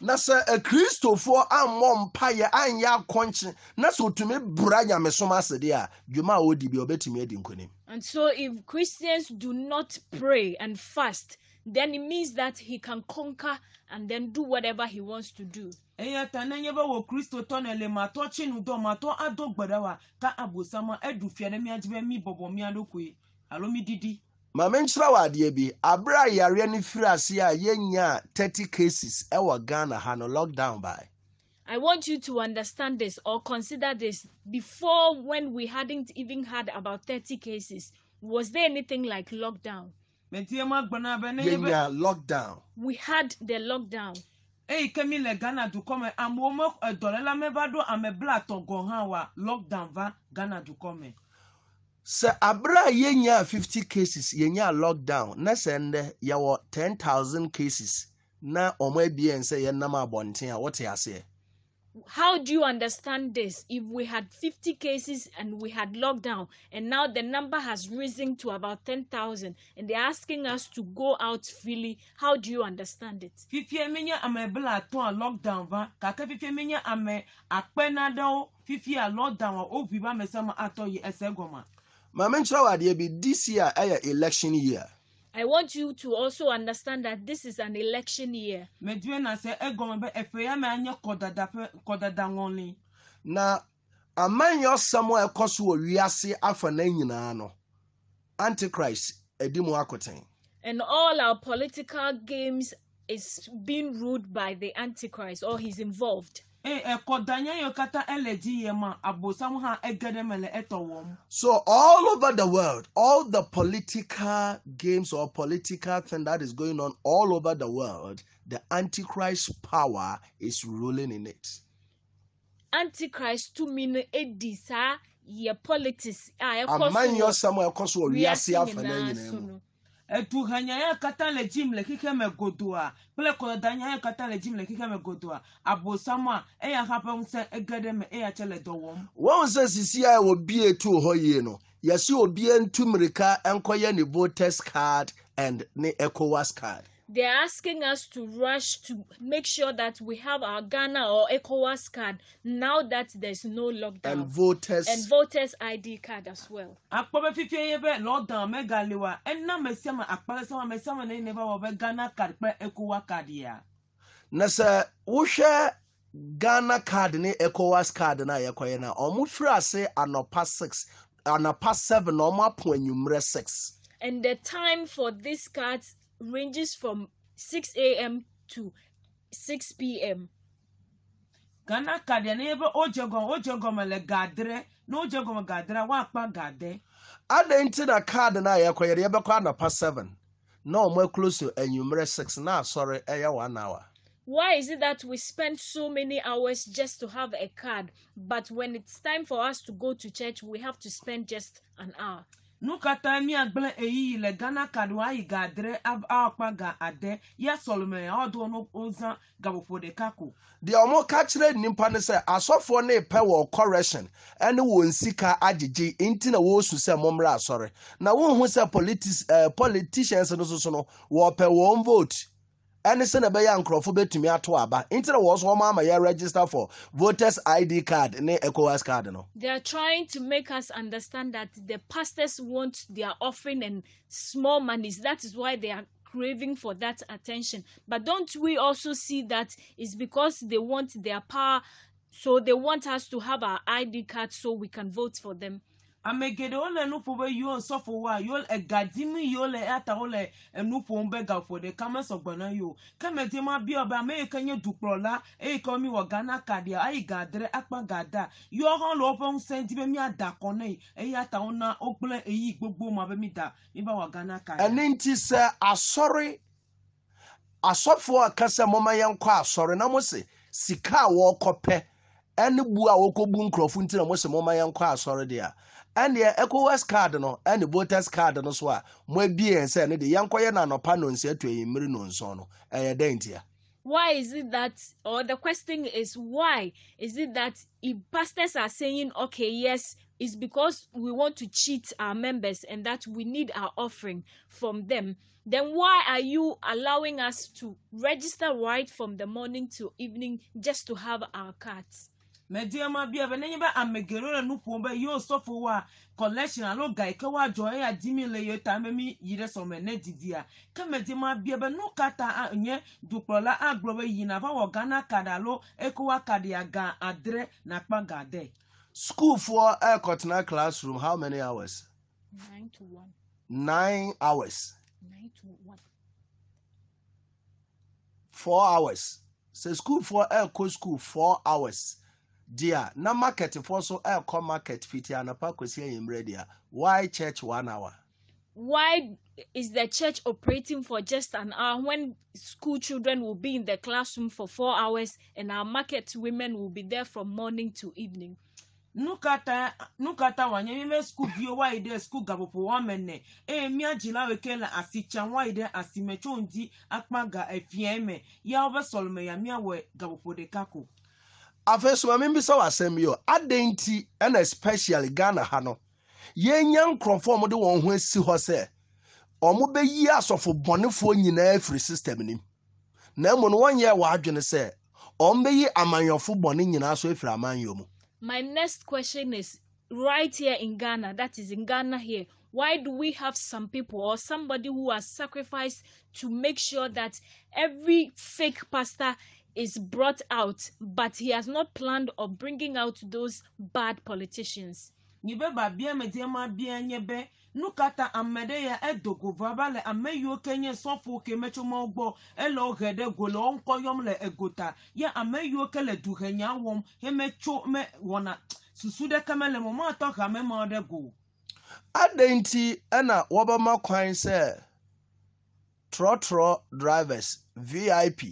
na sɛ akristofoɔ eh, ammɔ mpaeɛ anyɛ akɔnkye na sɛ ɔtumi bra nyamesom ase deɛ a dwuma a wɔdi bi ɔbɛtumi adi nkonim and so if christians do not pray and fast then it means that he can conquer and then do whatever he wants to do eya ta ne nye be kristo tɔ ne le ma tɔ tsi dɔ ma tɔ ado gbe ka abosama edu fia ɖe mia dzi mi bɔbɔ mia ɖokoe alo mi didi maame nkyerɛ wɔ adeɛ bi abere a yareɛ no firi ase a yɛnya 30 cases ɛwɔ ghana ha no lockdown by I want you to understand this or consider this. Before, when we hadn't even had about 30 cases, was there anything like lockdown? Yeah, lockdown. We had the lockdown. Hey, ke mi le ghana to come. I'm me edɔlɛla me va ɖo ame bla atɔ gɔ hã lockdown va ghana to come sɛ abere a yɛnyaa 50 cases yɛnyaa lockdown na sɛ ndɛ yɛwɔ 10000 cases na wɔn abien sɛ yɛnam abɔnten a wɔte aseɛ how do you understand this if we had 50 cases and we had lockdown and now the number has risen to about 10,000 and they're asking us to go out freely how do you understand it fifie menya ame bla atɔ a lockdown va kake fifie menya ame akpɛna aɖewo fifie a lockdown a wovi va ame sɛ ma maame nkyerɛ wɔ adeɛ bi this year ɛyɛ election year. I want you to also understand that this is an election year. Na amanyɛ ɔsɛm a ɛkɔ so wɔ wiase afa na nyinaa no antichrist edi mu akoten. And all our political games is being ruled by the antichrist or he's involved. Eh, eh, so all over the world, all the political games or political thing that is going on all over the world, the antichrist power is ruling in it. Antichrist to mean edisa ye politics. A ah, Aman your somewhere cause we are see eduhenya ya katã le dzim le xixe me godoa kple kɔdadanya ya katã le dzim le xixe me godoa abosamua eya hã ƒe ŋusẽ ege ɖe me eya tse le dɔ wɔm. wɔn sɛ sisia wòbie tu hɔ yie no yasi obie ntu mmirika nkɔyɛ ne voters card and ne ecowas card. they're asking us to rush to make sure that we have our Ghana or ECOWAS card now that there's no lockdown. And voters. And voters ID card as well. Akpọbẹ fífi me bẹ Enna mẹ́gàlẹ́wà ẹ̀nà mẹ́sàmà sama mẹ́sàmà ní ẹ̀nẹ́bà wọ̀ bẹ́ Ghana card pẹ́ ECOWAS card yà. Na sẹ Ghana card ní ECOWAS card na yẹ kọ Omu na ọmọ firi ase anọpa six anọpa seven Omu apu enyumre six. And the time for these cards ranges from 6 a.m. to 6 p.m. Ghana kadia n'ebe ojogo oh, ojogo oh, mele gadere na ojogo mele gadere wakpa gade. Ada nti na card, na ya kwanyere ya bɛkwa anapa 7 na ọmụ ekuluso enyimere 6 na Sorry, ɛyɛ 1 hour. Why is it that we spend so many hours just to have a card, but when it's time for us to go to church, we have to spend just an hour? nukata katã miagblẽ eyiyi le ghana kaɖoa yi ga adre akpa ga ade ya sɔlɔmɛ ɔdo ozan oza gaƒoƒo ɖeka ko. deɛ ɔmo ka kyerɛ nipa ne sɛ asɔfoɔ ne pɛ wɔ correction ɛne wɔn sika agyegye nti na wɔresu sɛ mɔmmerɛ asɔre na wɔn ho sɛ eh, politicians no soso no wɔpɛ wɔn vote. ɛne sɛ a nkurɔfoɔ bɛtumi to aba nti na wɔn so wɔn ama yɛ register for voters id card ecowas card no. they are trying to make us understand that the pastors want their offering and small monies that is why they are craving for that attention but don't we also see that it's because they want their power so they want us to have our id card so we can vote for them. Ame geɖewo le nu ƒom be yewo sɔfowoa yewo ega dim yewo le ata wo le enu ƒom be gaƒo ɖeka mesɔgbɔ na yewo ke medie ma bia be ame yi ke nye dukplɔla eyi ke mi wɔ Ghana kaɖia ayi ga adre akpa ga da yewo hã le woƒe ŋusẽ di be miada akɔ nɛ eya ta wo na wogblẽ eyi gbogbo ma be mi da mi va wɔ Ghana kaɖia. ɛne nti sɛ asɔre asɔfoɔ a kasa mɔma yɛn kɔ asɔre na mo se sika a wɔkɔ pɛ ɛne bu a wɔkɔ bu nkurɔfo nti mo se mɔma yɛn kɔ asɔre deɛ. ecowas card no voters card no so a mo ne de no no why is it that or the question is why is it that if pastors are saying okay yes it's because we want to cheat our members and that we need our offering from them then why are you allowing us to register right from the morning to evening just to have our cards mediama bia bɛ nenye bɛ amegelo le nu ƒom bɛ yewo sɔfo wa collection alo ga yi ke woadzɔ eya dimi le yewo ta be yi ɖe sɔme ne didia ke mediama bia bɛ nu kata nye dukplɔla agblɔ be yina va wɔ ghana kaɖi alo eko wa kaɖia ga adre nakpa ga de. schoolfoɔ ɛkɔtena classroom how many hours. nine to one. nine hours. nine to one. four hours. sɛ so, ɛkɔ school four hours. deɛ na marketfoɔ so ɛrekɔ market fiti anapa kɔsi ayimmerɛ deɛ why church one hour why is the church operating for just an hour when school children will be in the classroom for four hours and our market women will be there from morning to evening nukata nukata wanyemime school bio waide skul gapopo wamene emia jila wekela asicha waide asimechondi akpaga efieme ya obe solome ya miawe gapopo dekako afei so bi sɛ wasɛm bi o adan nti ɛna especially ghana ha no yɛnya nkurɔfoɔ a wɔde wɔn ho asi hɔ sɛ wɔn bɛyi asɔfo bɔnefoɔ nyinaa firi system nim na mmom no wɔnyɛ wɔadwene sɛ wɔn bɛyi amanyɔfo bɔne nyinaa so afiri amanyɔ mu. my next question is right here in ghana that is in ghana here why do we have some people or somebody who has sacrificed to make sure that every fake pastor is brought out, but he has not planned of bringing out those bad politicians. nyibe babia mediama bia nyebe nukata amede ya edogo vaba le ame yiwo ke nye sɔfo ke metsomawo gbɔ ele wo le egota ya ame yiwo duhenya wɔm he metso me wɔna susu ɖeke mele mo matɔ hame ma ɖe go aɖe ŋti ena wɔbe makwan sɛ trɔtrɔ drivers vip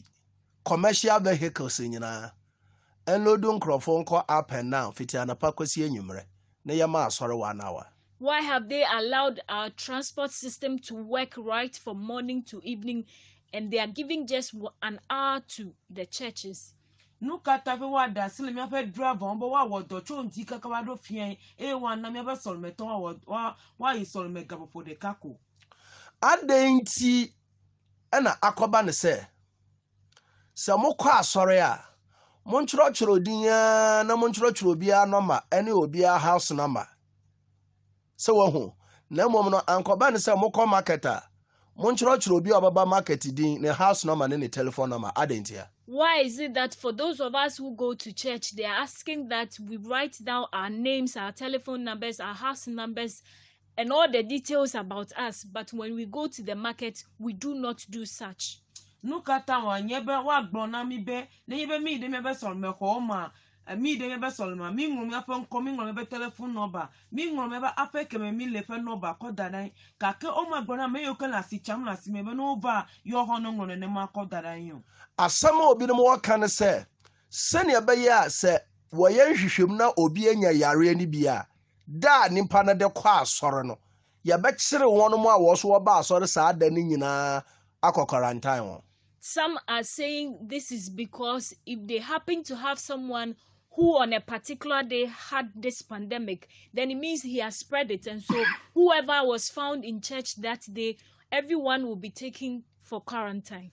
commercial vehicles nyinaa ɛnlodu nkurɔfoɔ nkɔ up and down fiti anapa kɔsi enyimrɛ ne yɛma asɔre one hour. Why have they allowed our transport system to work right from morning to evening and they are giving just an hour to the churches? Nukata tafe wa da sile mi afɛ drava wɔn bɛ wa wɔ dɔ tso nti kaka wa do fiɛ eye wa na mi afɛ sɔlɔmɛ tɔn wa wa yi sɔlɔmɛ gabɔfo ɖeka ko. adan ti ɛna akɔba ne sɛ. sɛ mokɔ asɔre a montwerɛtwerɛ dinaa na montwerɛtwerɛ obiara nɔma ne obiara house number sɛ wahu na mmom no ankɔba ne sɛ mokɔ market a monkyerɛkyerɛ obi a ɔbɛba market din ne house number ne ne telephone number adentia. Why is it that for those of us who go to church, they are asking that we write down our names, our telephone numbers, our house numbers, and all the details about us? But when we go to the market, we do not do such. nukata wa nyebe wa gblɔ na mi be nenye eh, be mi ɖe miabe sɔlime xɔwo ma mi ɖe miabe sɔlime mi ŋlɔ ŋkɔ mi ŋlɔ miabe telefon nɔba mi ŋlɔ miabe aƒe kɛmɛ mi le ƒe nɔba kɔ da ɖe anyi gake wo ma gblɔ na ame yiwo ke le asi tsam le be ne wova yewo hã ne ŋlɔ nenema kɔ da ɖe anyi o. ne sɛ na obi anya nipa Some are saying this is because if they happen to have someone who on a particular day had this pandemic, then it means he has spread it. And so whoever was found in church that day, everyone will be taken for quarantine.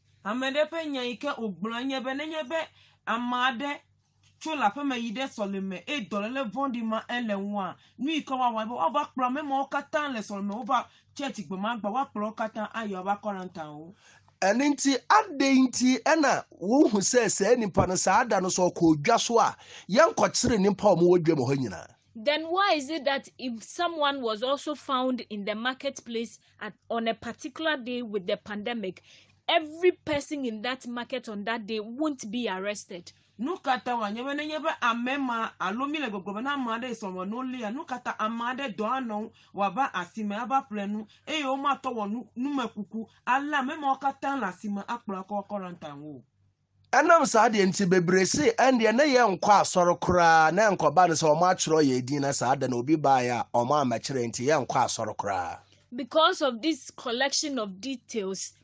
tso le aƒeme yi ɖe sɔleme eye dɔlele vɔɖi ma ele ŋua nui ke woawɔ be woava kplɔ amemewo katã le sɔleme wova tsɛti gbema gba woakplɔ wo katã ayɔ woava kɔranta wo ɛno nti adɛn nti ɛna wohu sɛ saa nipa no saa da no so ɔkɔ odwa so a yɛnkɔkyere nipa oh. a ɔmowɔ dwam hɔ nyinaa then why is it that if someone was also found in the marketplace at, on a particular day with the pandemic every person in that market on that day won't be arrested nukata wa nyebe ne nye be ame alo mi le gbogbo na ama aɖe sɔmɔ no lia nukata ama aɖe dɔ anɔ wòava asime ava ƒle nu eye woma tɔ wɔ numekuku ale ame mawo katã le asime akplɔ akɔ kɔrɔntan wo. ɛnam saa deɛ nti bebree se ɛndeɛ ne yɛ nkɔ asɔre koraa na nkɔba no sɛ ɔmo atwerɛ yɛ din na saa da na obi baeɛ a ɔmo amɛkyerɛ nti yɛ nkɔ asɔre koraa. because of this collection of details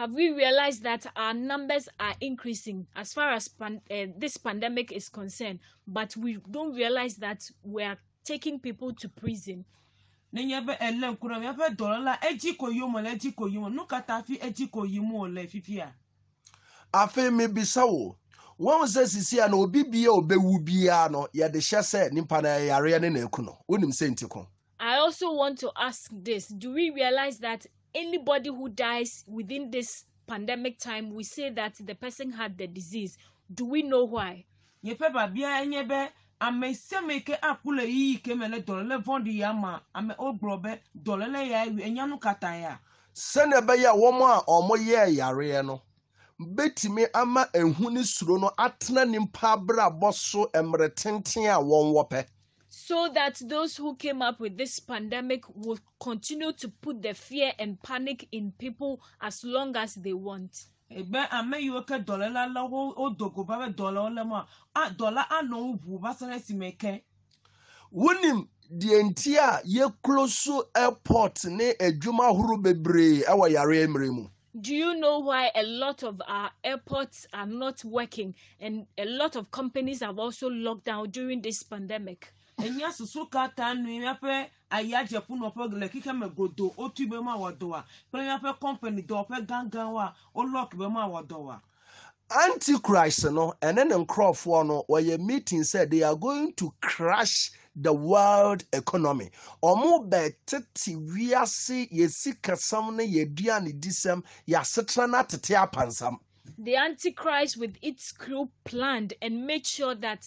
have we realized that our numbers are increasing as far as pan- uh, this pandemic is concerned, but we don't realize that we are taking people to prison? ne nye be ele ko ko fi ko afi mi wo sisi a na obi obewu no nipa na yare ne na eku no wonim I also want to ask this. Do we realize that anybody who dies within this pandemic time, we say that the person had the disease. Do we know why? yɛpɛ baabia ɛnyɛ bɛ ame siame akule yiyi ke me le dɔlele ya ma ame wogblɔ be dɔlele ya enyanu katã ya. sɛnɛ bɛ ya wɔn a ɔmo yɛ yareɛ no betumi ama ehu ne no atena nipa abrabɔ so mmerɛ tenten a wɔn wɔ so that those who came up with this pandemic will continue to put the fear and panic in people as long as they want. ebe ame yiwo ke dɔléla la wo wodogo va be dɔlewo le ma a dɔla anɔ wo ʋu va se ɖe esime ke. wunim deɛ a yɛklo so airport ne adwuma ahorow bebree ɛwɔ yare mmerɛ mu. do you know why a lot of our airports are not working and a lot of companies have also locked down during this pandemic? enya susu kata nu míaƒe ayadzeƒunɔƒe le xixe me godo be ma be ma antichrist no ne no meeting said they are going to crash the world economy ɔmo bɛtete wiase yɛsikasɛm no yɛduane disɛm yɛasetena no atete apansam the antichrist with its crew planned and made sure that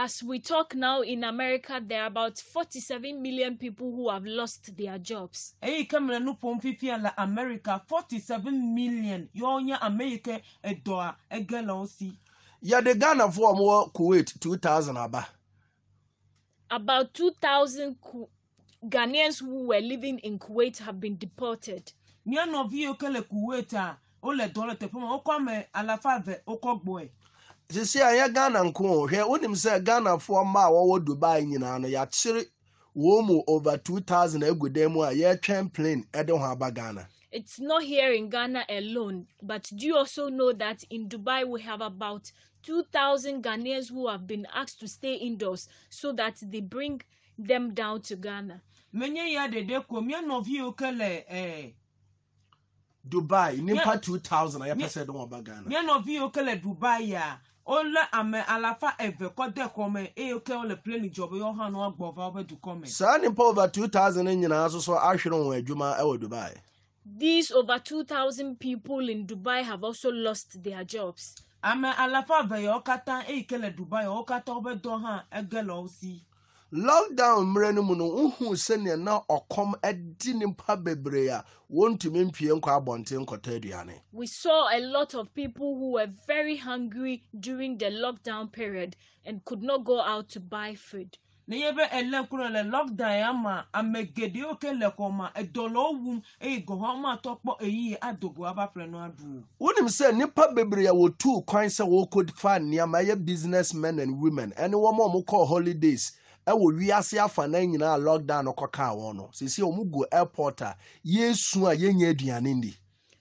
as we talk now in America, there are about 47 million people who have lost their jobs. Eyi kamera no pon fifi la America 47 million. Yonya America edoa egelonsi. Ya de Ghana for mo Kuwait two thousand aba. About two thousand Ghanaians who were living in Kuwait have been deported. Nia no vi okele Kuwait a o le dollar te pon o kwa me alafa ve o kogbo e. sisi a ghana nko o hwɛ wonim sɛ ghanafoɔ mma a wɔwɔ dubai nyinaa no yɛakyere wɔn mu over 2000 agu dan mu a yɛretwɛn plane de ho ghana It's not here in Ghana alone, but do you also know that in Dubai we have about 2,000 Ghanaians who have been asked to stay indoors so that they bring them down to Ghana? Menye ya dede combien novi okele eh Dubai, nipa 2000 ayapese don wa Ghana. no Menye novi okele Dubai ya wolé ame alafa eve kɔ de xɔme eye ke wole pleni dzɔ be yewo hã nɔ agbɔ va wobe dukɔ me. saa nipa over two thousand nyinaa soso ahwere wɔn adwuma ɛwɔ dubai. these over two thousand people in dubai have also lost their jobs. ame alafa eve yawo katã eyi ke le dubai yawo katã wobe dɔ hã ege le wo si lockdown mmerɛ no mu no wohu sɛnea na ɔkɔm adi nipa bebree a wɔntumi mpie nkɔ abɔnten nkɔtɔ aduane. we saw a lot of people who were very hungry during the lockdown period and could not go out to buy food. na yɛbɛ ɛlɛ kuro lɛ lockdown ama ame geɖewo ke le xɔ ma edɔlɔwo wum eye gɔhɔma tɔ kpɔ eyi adogo aba ƒle no aɖu. wonim sɛ nipa bebree a wotu kwan sɛ wɔkɔ fa nneɛma ɛyɛ business men and women ɛne wɔn a wɔkɔ holidays ɛwɔ wiase afanan nyinaa lockdown no wɔn no sisi wɔn gu airport a yɛsu a yɛnyɛ aduane ndi.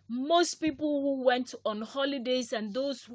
most people who went on holidays and those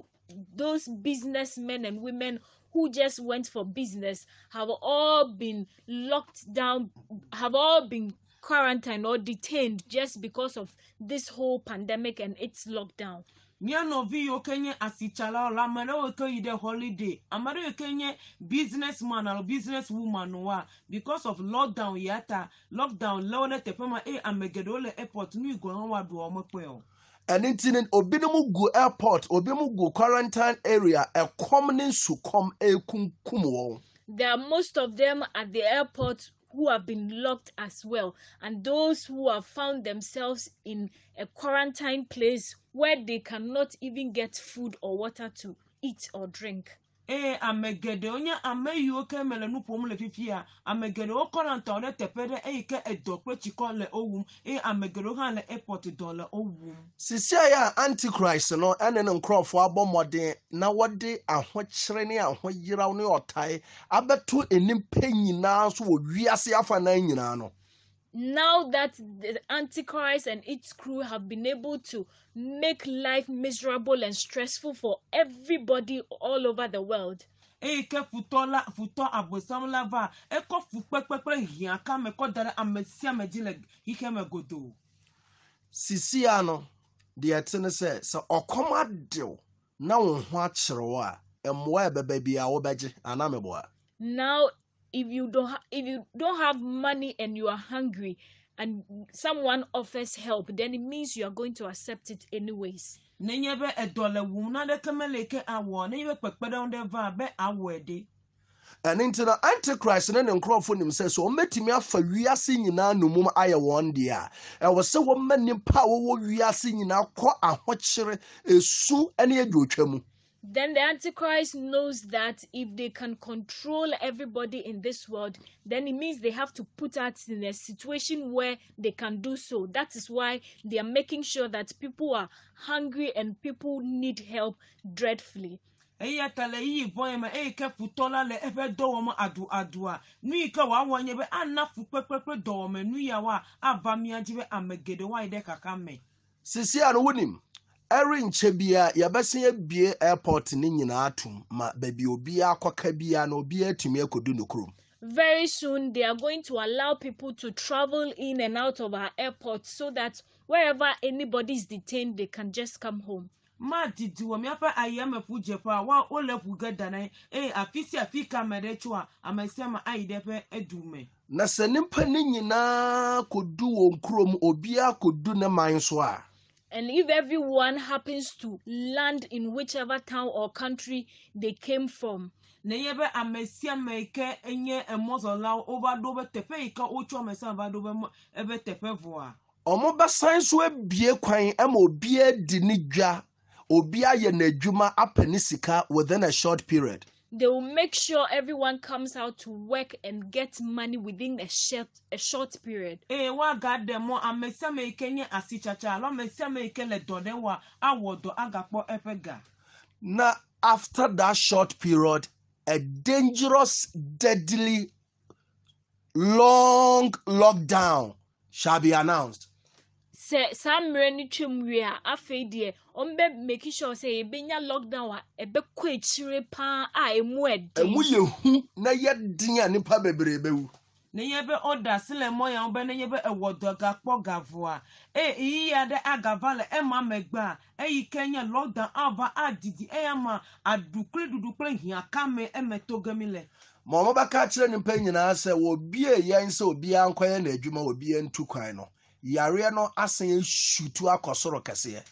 those businessmen and women who just went for business have all been locked down have all been quarantined or detained just because of this whole pandemic and its lockdown mía nɔvi yiwo ke nye asitsalawo la ame ɖewo ke yi ɖe holiday ame ɖewo ke nye business man alo business woman wa because of lockdown ya ta lockdown lé wo ɖe teƒe ma eye ame geɖewo le airport nu yi gɔ hã wa ɖoa mekpɔe o. ɛne nti no obinom gu airport obinom gu quarantine area ɛkɔm ne nsukɔm ekunkum wɔn. they are most of them at the airport who have been locked as well, and those who have found themselves in a quarantine place where they cannot even get food or water to eat or drink. ee amegede onye yiwo ke mele ƒom le fifi ya ame geɖewo kɔ na ntɔ ɖe teƒe ɖe eyi ke edɔ kple tsikɔ le owum eye ame geɖewo hã le airport dɔ le owum. sisia ya antichrist no ɛne ne nkurɔfoɔ abɔ mɔden na wɔde ahokyere ne ahoyeraw ne ɔtae abɛto enimpe nyinaa nso wɔ wiase afanan nyinaa no. now that the antichrist and its crew have been able to make life miserable and stressful for everybody all over the world. eye ke futɔ la futɔ abosam la va ekɔ fu kpekpekpe hiãka me kɔ da ɖe ame sia le xixi me godoo. sisi ano di deɛ ɛte ne sɛ sɛ ɔkɔm adew na wo ho akyerɛ wo a mmoa ɛbɛba e e bi a wobɛgye anaa meboa. now if you don't ha- if you don't have money and you are hungry and someone offers help then it means you are going to accept it anyways nenye be nti no antichrist ne ne nkurɔfoɔ nim sɛ sɛ ɔmɛtumi afa wiase nyinaa nomum ayɛ wɔn deɛ a ɛwɔ sɛ wɔma nnipa a wɔwɔ wiase nyinaa kɔ ahokyere esu ne adwotwa mu then the antichrist knows that if they can control everybody in this world then it means they have to put us in a situation where they can do so that is why they are making sure that people are hungry and people need help dreadfully eya nu yi ke nye be ana nu ava be ame geɖe ɖe kaka me. sisi ɛrenkyɛ biara yɛbɛsɛ abie airport ne nyinaa tom ma baabi obiara akɔka biara na obiara atumi akɔdu no kurom very soon they are going to allow people to travel in and out of our airport so that wherever anybody is detained they can just come home maa didi wɔ míaƒe ayɛmɛƒu dzeƒe a wa wole ƒu ge da na ye eye afi sia afi ka ame ɖe tso a ame sia ame ayi ɖe ƒe edu na sɛ nipa ne nyinaa kodu wɔn kurom obiara kodu ne man so a. And if everyone happens to land in whichever town or country they came from, na yɛ bɛ enye emɔzɔlawo wova ɖo be teƒe yi ke wotsɔ be ebe teƒe vɔa. ɔmobɛsan so abie e kwan ama e obiara di ne dwa obiara yɛ n'adwuma apɛ within a short period. They will make sure everyone comes out to work and get money within a short, a short period. Ee wa ga de mo amesiame ike nye asi chacha ike le dɔ de wa awɔdɔ agakpɔ eƒe Na after that short period, a dangerous, deadly, long lockdown shall be announced. sɛ saa mmerɛ no twam wie a afei deɛ ɔmbɛ make sure sɛ yɛbɛnya lockdown a ɛbɛkɔ akyire paa a ɛmu ɛden ɛmu yɛ hu na yɛ a nipa bebree bɛwu ne yɛbɛ ɔda silɛ mɔ yan bɛ ne yɛbɛ ɛwɔ dɔ gakpɔ gavoa e iyi ya dɛ agava le ɛma mɛgba eyi ke nye lockdown ava adidi eya ma adu kple dudu kple hiã kame eme to gemi le. ma ɔmo bɛka kyerɛ nipa nyinaa sɛ wɔ bie yɛn sɛ obiara nkɔyɛ n'adwuma wɔ bie ntu kwan no. yareɛ no asan esutu akɔ soro kɛseɛ.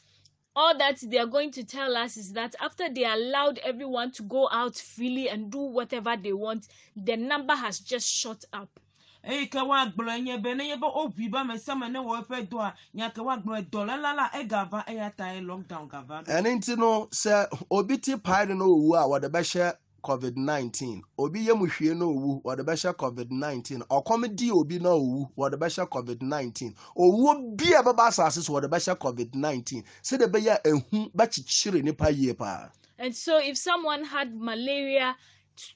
all that they are going to tell us is that after they allowed everyone to go out freely and do whatever they want, the number has just shot up. eyi ke woagblɔ nye be ne yebe woʋui be amesiame ne wɔ eƒe dɔ a nya ke woagblɔ dɔléla egava eya ta ye lockdown gava. ɛni ti no sɛ obi ti paa ni no owu a wɔde bɛ hyɛ covid-19 obi yɛ mu na owu wɔde bɛhyɛ covid-19 ɔkɔm di obi na owu wɔde bɛhyɛ covid-19 owuo bi a ɛbɛba asase so wɔde bɛhyɛ covid-19 sɛdeɛ bɛyɛ ehu bɛkyekyere nipa yie paa. and so if someone had malaria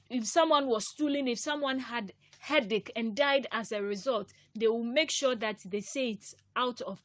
if someone was stooling if someone had headache and died as a result they will make sure that they say it out of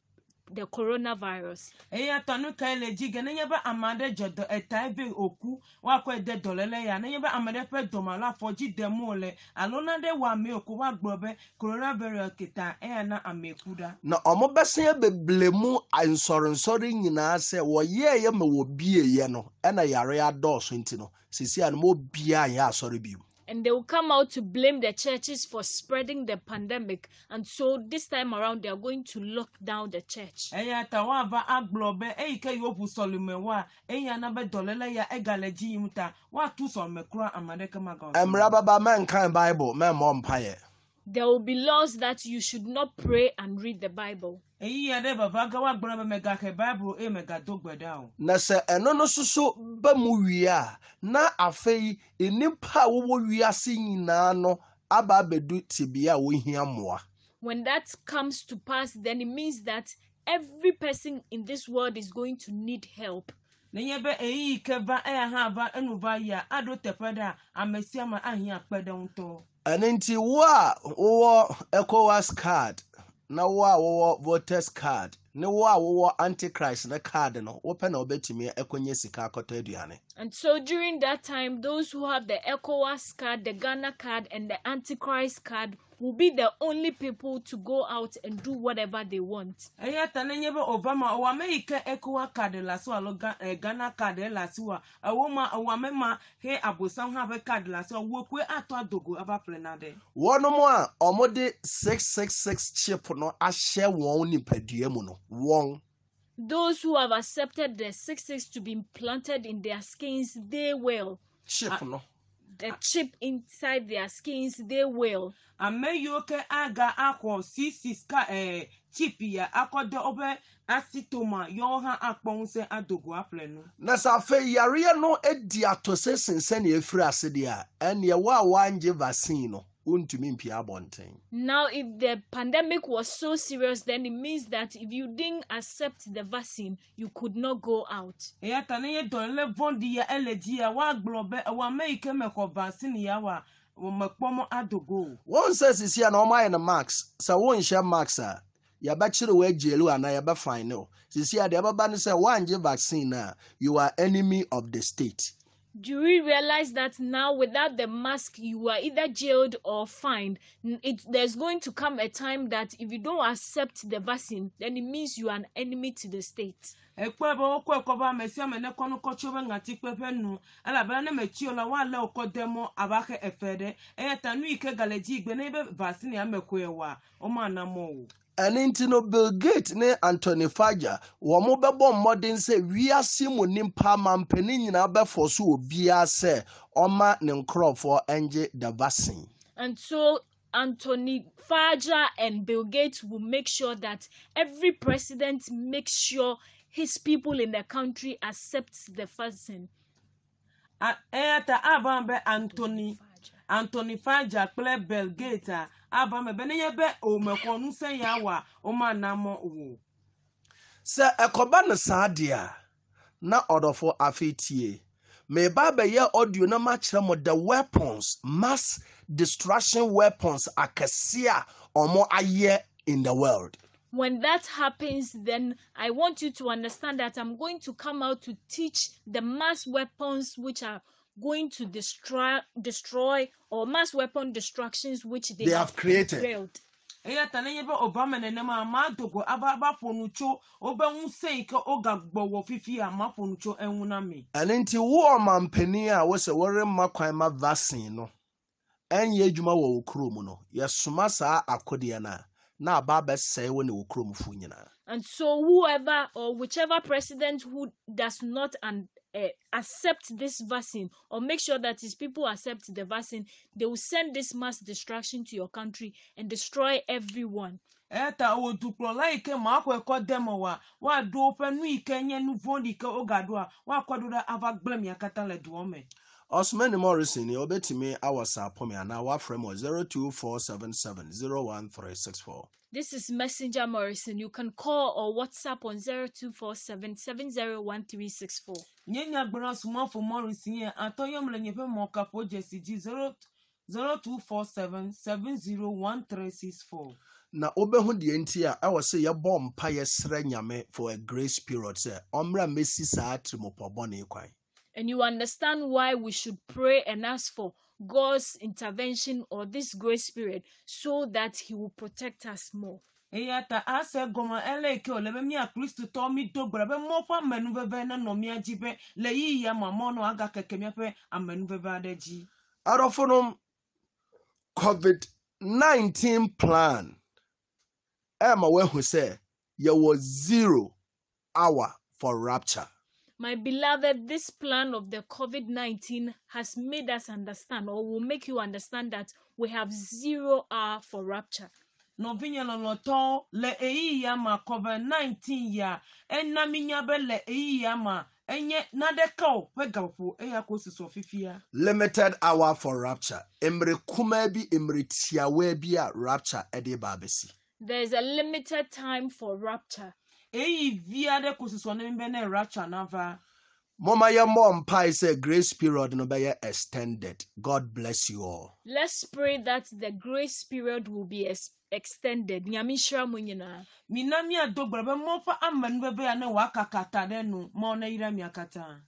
the coronavirus. eya tanu ka ele dzi ge nenye be ame aɖe dzɔ dɔ eta ebe oku woakɔe de dɔléle ya nenye be ame ɖe ƒe dɔme alo afɔdzi dem wòle alo na ɖe wɔ amee ko woagblɔ be coronavirus keta eya na ame ku ɖa. na ɔmo bɛsɛn beble mu nsɔrɔnsɔrɔ nyinaa sɛ wɔyɛ yɛ me wɔ bie yɛ no ɛna yare adɔɔso nti no sisi a no mo yɛ asɔre bi mu and they will come out to blame the churches for spreading the pandemic. And so this time around, they are going to lock down the church. Eya tawa ba aglobe eike yopu solime wa eya nabe dolele ya egaleji imta wa tu solme kura amadeka magon. Emraba ba man kan Bible man mom paye there will be laws that you should not pray and read the Bible. Èyí yẹn dẹ́ bàbá nǹkan wá gbọ́dọ̀ bẹ́ẹ̀ mẹ́ga kẹ́ Bible ẹ̀ mẹ́ga tó gbẹ̀dá o. Na sɛ ɛno soso bɛ mu wie na afei nnipa a wɔwɔ wiase nyinaa no aba abɛdu tibia a wɔhia mmoa. When that comes to pass, then it means that every person in this world is going to need help. na ihe ebe eyi ike ba ɛyɛ ha ba ɛnu ba yi a ado teƒe ɖe a ame sia ame ahia kpe ɛno nti wo a wowɔ ecowas card na wo a wowɔ voters card ne wo a wowɔ antichrist ne card no wopɛ na wobɛtumi akɔnya sika akɔtɔ aduane And so during that time, those who have the ECOWAS card, the Ghana card, and the Antichrist card will be the only people to go out and do whatever they want. ẹyẹ tani nye obama ọwọ amẹyika ẹkọwa kaadị lasọ alọ ghana kaadị lasọ a ọwọ ma he abosan ha bẹ kaadị lasọ a wọkwe atọ adogo abapẹlẹ n'adị. wọn mu a ọmụdị 666 chip nọ ahyɛ wɔn nipadua mu no wɔn. Those who have accepted the six six to be implanted in their skins, they will. Chip, uh, no. The ah. chip inside their skins, they will. Ameyoke aga akọ sisi ka eh chip ya akọde obe asitoma yọ ha akpọnwụ adogo apụlụ no. na safe edi atọ sị sịnsịn efiri ase deɛ ɛnna ɛwɔ a wangye vaccine no wontumi mpia abɔnten. now if the pandemic was so serious then it means that if you didn't accept the vaccine you could not go out. ẹ̀yà tà ní yẹ dọ̀rọ̀ lẹ́ bọ́ǹdì yà ẹ̀ lẹ̀ jí yà wà gbọ́dọ̀ bẹ́ ẹ̀ wà mẹ́yìíkẹ́ mẹ́kọ̀ vaccine yà wà mẹ́kpọ́n mọ́ àdógó. wọ́n sẹ́ sisi àná ọmọ ayẹ̀ ní max sẹ́ wọ́n ń max a yɛbɛkyerɛ wɔ agyelu anaa yɛbɛfine no sisi a deɛ ɛbɛba ne sɛ woangye vaccine a you are enemy of the state do we realize that now without the mask you are either jailed or fined it, there's going to come a time that if you don't accept the vaccine then it means you are an enemy to the state ne eya ne be vaccine wa ɛne nti no bill gate ne anthony faja wɔn bɛbɔ mmɔden sɛ wiase mu nipa mampanin nyinaa bɛfɔ so wɔ sɛ ɔma ne nkorɔfoɔ ɛngye the vaccine. and so Anthony Faja and Bill Gates will make sure that every president makes sure his people in the country accept the vaccine. Ẹ̀ẹ́ta àbọ̀ bẹ́ Anthony. Faja antony fagya kple bel gate a aba me bɛ omekɔnu sɛ yɛ awa ɔma namɔ wo. sɛ ɛkɔba ne saa deɛ a na ɔdɔfo afei tie meba abɛyɛ audio na makyerɛ mo the weapons mass destruction weapons akɛseɛ a ɔmo ayɛ in the world. when that happens, then I want you to understand that I'm going to come out to teach the mass weapons which are going to destroy destroy or mass weapon destructions which they, they have, have created. eya obama ma fifi mi. wo a ma vaccine no no saa na ne and so whoever or whichever president who does not and uh, accept this vaccine or make sure that his people accept the vaccine, they will send this mass destruction to your country and destroy everyone. ɛta eh, wɔ dukplɔla yi e ke maa kɔ ekɔ dɛmɛ wa woaɖo woƒe nu yi ke nye nu vɔ ɖi ke wogaɖoa woakɔ ɖo ɖe ava gblẽ mia katã le duɔ me. Osman Morrison ni obetumi awasa apomi ana wafrɛ mo 024770134. This is Messenger Morrison. You can call or WhatsApp on 0247701364. Nye nyagbara sumafo Morrison yɛ atɔyɔm le nye pe mɔ kapo jesi ji 0247701364. na wobɛhu deɛ nti a ɛwɔ sɛ yɛbɔ mpa yɛsrɛ nyame for a grace period sɛ ɔmmra mmɛsi saa tirimopɔbɔne kwan and you understand why we should pray and ask for God's intervention or this grace spirit so that He will protect us more. eya ta ase gɔme ele yi ke wòle be mía kristotɔ mi do gbe be mɔ ƒe amenuveve nenɔ mía dzi be le yiya mamɔ nɔ agakeke míaƒe amenuveve aɖe dzi. arɔfonom covid nineteen plan ẹ ma wẹ́hùn sẹ́ yẹ wọ zero hour for rapture. My beloved, this plan of the COVID 19 has made us understand, or will make you understand, that we have zero hour for rapture. le ma covid nineteen ya be le ma enye o ko fifia. limited hour for rapture bi bi a rapture ba there is a limited time for rapture. eyi vi aɖe ko susɔ ne mbɛ ne rapture nava. Mama Yamon Pai said, Grace period no be extended. God bless you all. Let's pray that the grace period will be extended. extended nyame nhyira mu nyinaa minamia dogbra bɛmmɔfa ama no bɛbɛa na waakakata dɛ no ma ɔna yira miakata